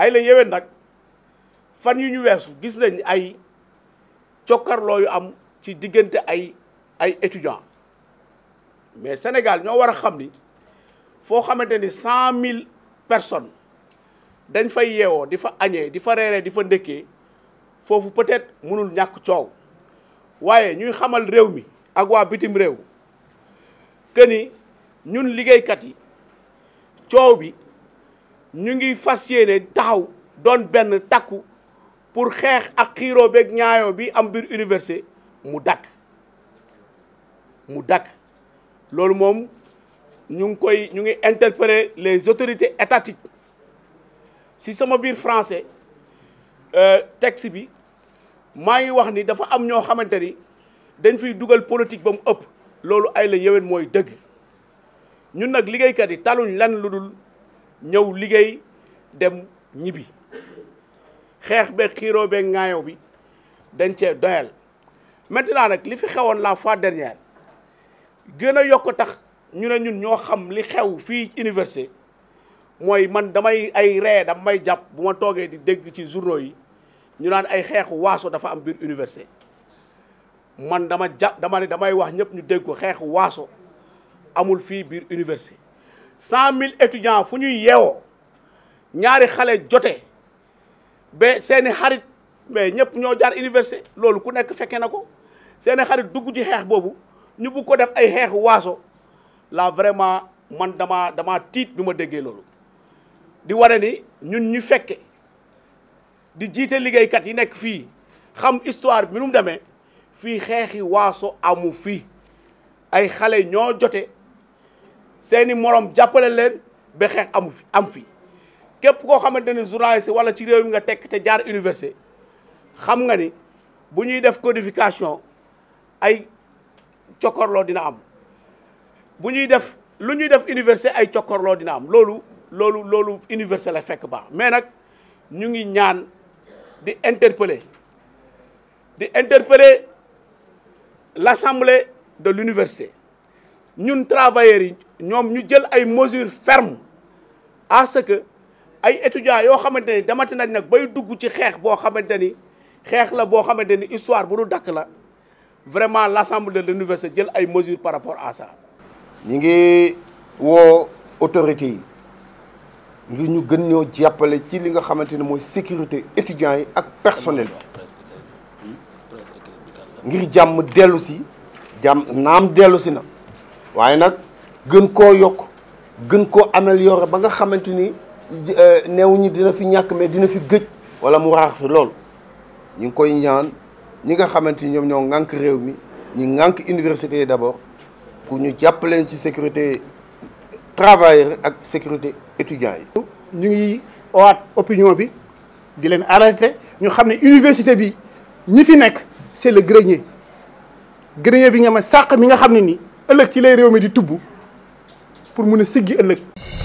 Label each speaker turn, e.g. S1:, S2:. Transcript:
S1: ay la yéwén nag fan yu ñu weesu gis nañ ay cokkarloo yu am ci diggante ay ay étudiants mais Sénégal ñoo war a xam ni foo xamante ni cent mille personnes dañ fay yeewoo di fa añee di fa reeree di fa ndëkkee foofu peut-être mënul ñàkk coow waaye ñuy xamal réew mi ak waa bitim réew que ni ñun liggéeykat yi coow bi. Nous ngi fait don don pour faire ak xiro bi am université mu dak mu dak les autorités étatiques si sama français euh, texte bi ma ngi wax ni dafa am ño xamanteni dañ politique bam upp lolo ay la yewen moy dëgg ñun nous kat yi taluñ ñëw liggéey dem ñibbi xeex beeg xiiroo beeg ŋaayo bi dañ cee doyal maintenant nag li fi xewoon la fois dernière gën a yokk tax ñu ne ñun ñoo xam li xew fii université mooy man damay ay ree damay jàpp bu ma toogee di dégg ci journaux yi ñu naan ay xeexu waaso dafa am biir université man dama jàpp dama ne damay wax ñëpp ñu dégg ko xeexu waaso amul fii biir université cent mille étudiants fu ñuy yeewoo ñaari xale jote ba seeni xarit mais ñëpp ñoo jaar université loolu ku nekk fekkee na ko seeni xarit dugg ji xeex boobu ñu bugg ko def ay xeexu waaso la vraiment man dama dama tiit bi ma déggee loolu di wane ni ñun ñu fekke di jiite liggéeykat yi nekk fii xam histoire bi nu mu demee fii xeexi waaso amu fii ay xale ñoo jote seeni morom jàppale leen ba xeex amu fi am fi képp koo xamante ne journaliste wala ci réew mi nga tekk te jaar université xam nga ni bu ñuy def codification ay cokkorloo dina am bu ñuy def lu ñuy def université ay cokkorloo dina am loolu loolu loolu université la fekk baax mais nag ñu ngi ñaan di interpeller di interpeller l'assemblée de l'université ñun travailleurs yi ñom ñu jël ay mesures fermes à ce que ay étudiants yo xamanteni demati nañ nak bay dugg ci xex bo xamanteni xex la bo xamanteni histoire bu nu dak la vraiment l'assemblée de l'université jël ay mesures par rapport à ça.
S2: ñi ngi wo autorité yi ngir ñu gën ñoo jàppale ci li nga xamanteni moy sécurité étudiants ak personnel ngir jam dellu si jàmm naam dellu si na waye nak gën koo yokk gën koo améliorer ba nga xamante ni euh, néew ñi dina fi ñàkk mais dina fi gëj wala mu raax fi lool ñu ngi koy ñaan ñi nga xamante ni ñoom ñoo ŋànk réew mi ñu ŋànk université yi d'abord ku ñu jàpp leen ci sécurité travailleurs ak sécurité étudiants yi. ñu ngi owaat opinion bi di leen arrêté ñu xam ne université bi ñi fi nekk c'est le grenier grenier bi nga ma sàq mi nga xam ne nii ëllëg ci lay réew mi di tubb. pour mun a siggi ëllëg